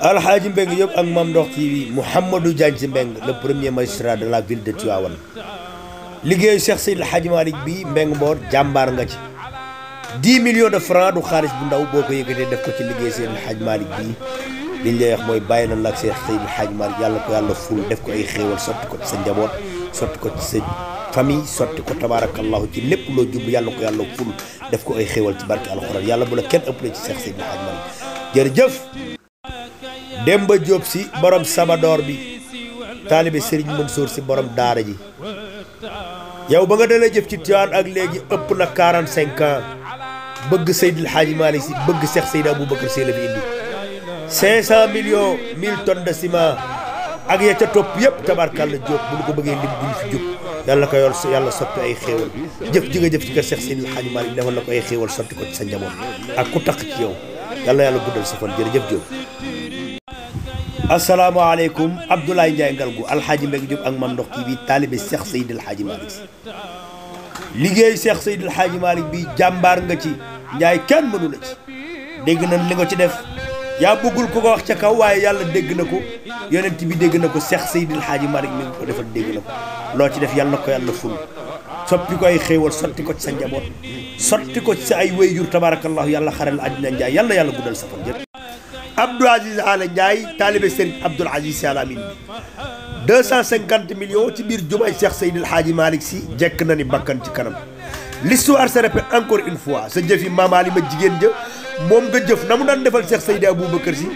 Alxaaji Mbeng Diop ak Mame Ndokh TV Mouhamadou Diagne Sy Mbeng le premier magistrat de la ville de Tivaouane liggéeyu Cheikh Seydil xaaj Malick bi Mbeng Mboor jàmbaar nga ci 10 millions de francs du xaalis bu ndaw boo ko yëkkatee def ko ci liggéey Seydil Hadji Malick bi liñ lay wax mooy bàyyi na la ak Cheikh Seydil Hadji Malick yàlla ko yàlla ful def ko ay xéewal sotti ko ci sa njaboot sotti ko ci sa famille sotti ko tabaarakallahu ci lépp loo jub yàlla ko yàlla ful def ko ay xéewal ci barke alxuraan yàlla bu la kenn ëppale ci Cheikh Seydil Hadji Malick Demba jóob si borom sabadoor bi taalibe Serigne Mansour si borom daara ji yow ba nga dalee jëf ci Tiwaawan ak léegi ëpp na 45 ans bëgg Seydil Hadji Malick si bëgg seex Seydi Aboubacar Sy la fi indi 500 millions 1000 tonnes de ciment ak ya ca topp yëpp tabarkàlla Diop bu ñu ko bëggee lim duñ fi jóg yàlla ko yàlla sotti ay xéewal jëf ji nga jëf ci kër Cheikh Seydil Hadji Malick defal la ko ay xéewal sotti ko ci sa njaboot ak ku tax ci yow yàlla yàlla guddal sa fan jërëjëf Diop asalaamaaleykum Abdoulaye Ndiaye Ngalgou alxaaji Mbeg Diop ak Mame Ndokh TV taalibe Cheikh Seydil Hadji Malick liggéey Cheikh Seydil Hadji Malick bi jàmbaar nga ci Ndiaye kenn mënu ci dégg na li nga ci def yaa bëggul ko wax ca kaw waaye yàlla dégg na ko yonent bi dégg na ko Cheikh Seydil Hadji Malick mi ngi defal dégg na ko loo ci def yàlla ko yalla ful soppi ko ay xéewal sotti ko ci sa njaboot sotti ko ci sa ay wéyjur tabarakallahu yàlla xaral àddina Ndiaye yàlla yàlla guddal sa fan Abdou Aziz Ala Ndiaye taalibe Serigne Abdoul Aziz Sy Al Amine bi 250 millions ci biir jumaay Cheikh Seydil Hadji Malick si jekk na ni bakkan ci kanam l'histoire se répète encore une fois sa jëf yi Mame Ali ma jigéen jë moom nga jëf na mu daan defal Cheikh Seydi Aboubacar Sy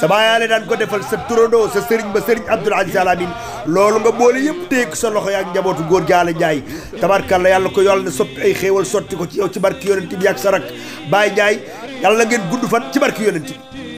sa baayaale daan ko defal sa turandoo sa sëriñ ba sëriñ Abdoul Aziz Al Amine loolu nga boole yëpp téeg sa loxo yaak njabootu góor gi Alla Ndiaye tabarkalla yàlla ko yàlla na soppi ay xéewal sotti ko ci yow ci barki yonent bi yaak sa rak Baye Ndiaye yàlla gudd fan ci barki yonent bi